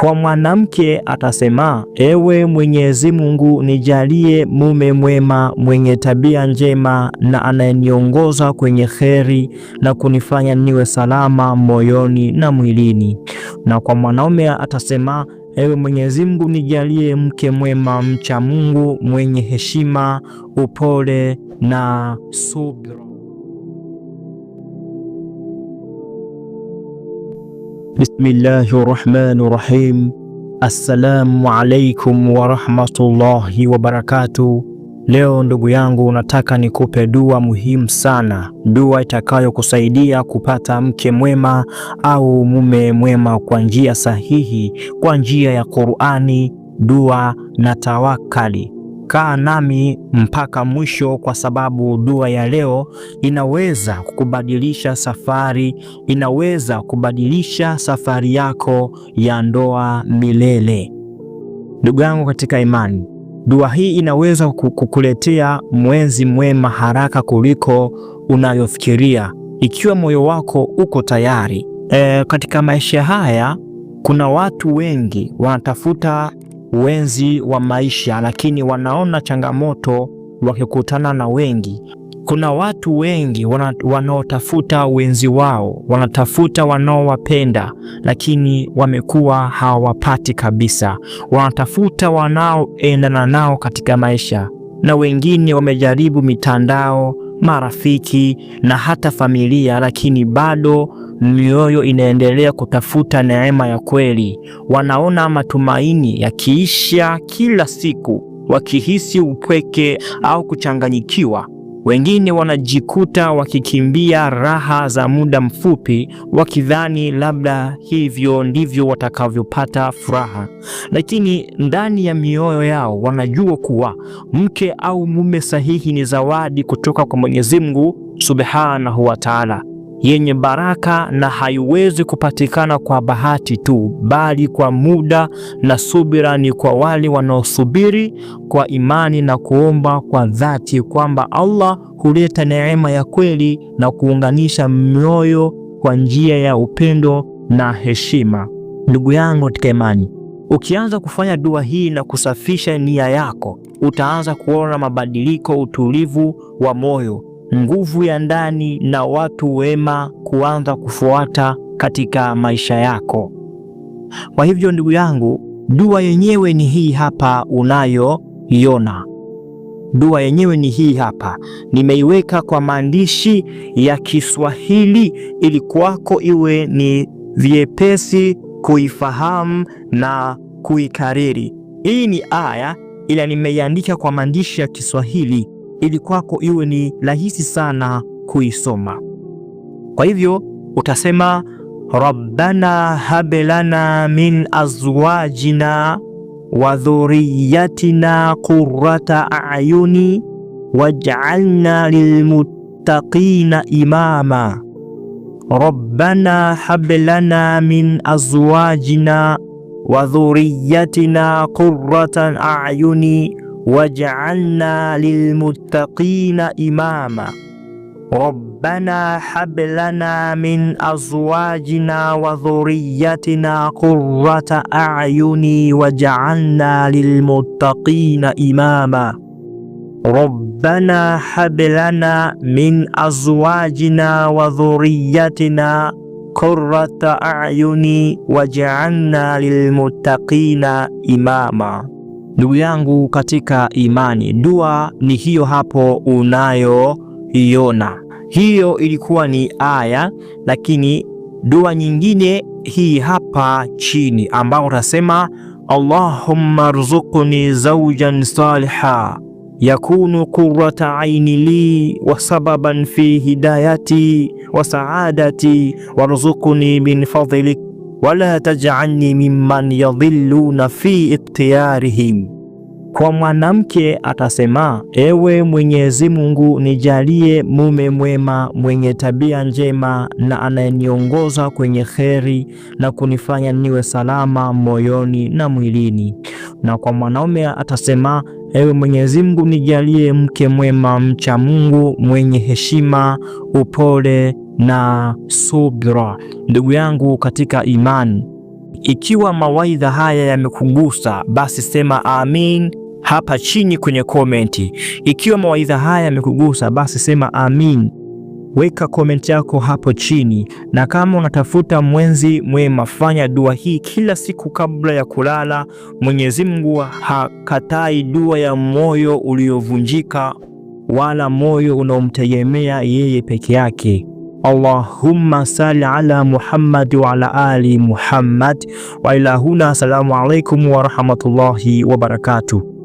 Kwa mwanamke atasema, ewe Mwenyezi Mungu, nijalie mume mwema mwenye tabia njema na anayeniongoza kwenye kheri na kunifanya niwe salama moyoni na mwilini. Na kwa mwanaume atasema, ewe Mwenyezi Mungu, nijalie mke mwema mcha Mungu mwenye heshima, upole na subra. Bismillahi rahmani rahim. Assalamu alaikum warahmatullahi wabarakatuh. Leo ndugu yangu, nataka nikupe dua muhimu sana, dua itakayokusaidia kupata mke mwema au mume mwema kwa njia sahihi, kwa njia ya Qur'ani, dua na tawakali kukaa nami mpaka mwisho, kwa sababu dua ya leo inaweza kukubadilisha safari, inaweza kubadilisha safari yako ya ndoa milele. Ndugu yangu katika imani, dua hii inaweza kukuletea mwenzi mwema haraka kuliko unayofikiria, ikiwa moyo wako uko tayari. E, katika maisha haya kuna watu wengi wanatafuta uwenzi wa maisha, lakini wanaona changamoto wakikutana na wengi. Kuna watu wengi wana, wanaotafuta wenzi wao, wanatafuta wanaowapenda, lakini wamekuwa hawapati kabisa. Wanatafuta wanaoendana nao katika maisha, na wengine wamejaribu mitandao, marafiki na hata familia, lakini bado mioyo inaendelea kutafuta neema ya kweli. Wanaona matumaini yakiisha kila siku, wakihisi upweke au kuchanganyikiwa. Wengine wanajikuta wakikimbia raha za muda mfupi, wakidhani labda hivyo ndivyo watakavyopata furaha, lakini ndani ya mioyo yao wanajua kuwa mke au mume sahihi ni zawadi kutoka kwa Mwenyezi Mungu Subhanahu wa Ta'ala yenye baraka na haiwezi kupatikana kwa bahati tu, bali kwa muda na subira. Ni kwa wale wanaosubiri kwa imani na kuomba kwa dhati, kwamba Allah huleta neema ya kweli na kuunganisha mioyo kwa njia ya upendo na heshima. Ndugu yangu katika imani, ukianza kufanya dua hii na kusafisha nia yako, utaanza kuona mabadiliko, utulivu wa moyo nguvu ya ndani na watu wema kuanza kufuata katika maisha yako. Kwa hivyo ndugu yangu, dua yenyewe ni hii hapa unayoiona. Dua yenyewe ni hii hapa, nimeiweka kwa maandishi ya Kiswahili ili kwako iwe ni vyepesi kuifahamu na kuikariri. Hii ni aya, ila nimeiandika kwa maandishi ya Kiswahili ili kwako iwe ni rahisi sana kuisoma. Kwa hivyo utasema rabbana hablana min azwajina wa dhurriyatina qurrata ayuni waj'alna lilmuttaqina imama rabbana hablana min azwajina wa dhurriyatina qurrata ayuni واجعلنا للمتقين إماما ربنا هب لنا من أزواجنا وذريتنا قرة أعين واجعلنا للمتقين إماما ربنا هب لنا من أزواجنا وذريتنا قرة أعين واجعلنا للمتقين إماما Ndugu yangu katika imani, dua ni hiyo hapo unayoiona. Hiyo ilikuwa ni aya, lakini dua nyingine hii hapa chini, ambayo utasema Allahumma rzuqni zawjan saliha yakunu qurrata aini li wa sababan fi hidayati wa saadati warzuqni min fadlik wala tajalni mimman yadhilluna fi ikhtiyarihim. Kwa mwanamke atasema, ewe Mwenyezi Mungu, nijalie mume mwema mwenye tabia njema na anayeniongoza kwenye kheri na kunifanya niwe salama moyoni na mwilini. Na kwa mwanaume atasema, ewe Mwenyezi Mungu, nijalie mke mwema mcha Mungu mwenye heshima, upole na subra. Ndugu yangu katika imani, ikiwa mawaidha haya yamekugusa, basi sema amin hapa chini kwenye komenti. Ikiwa mawaidha haya yamekugusa, basi sema amin. Weka komenti yako hapo chini, na kama unatafuta mwenzi mwema, fanya dua hii kila siku kabla ya kulala. Mwenyezi Mungu hakatai dua ya moyo uliovunjika, wala moyo unaomtegemea yeye peke yake. اللهم صل على محمد وعلى آل محمد وإلى هنا السلام عليكم ورحمة الله وبركاته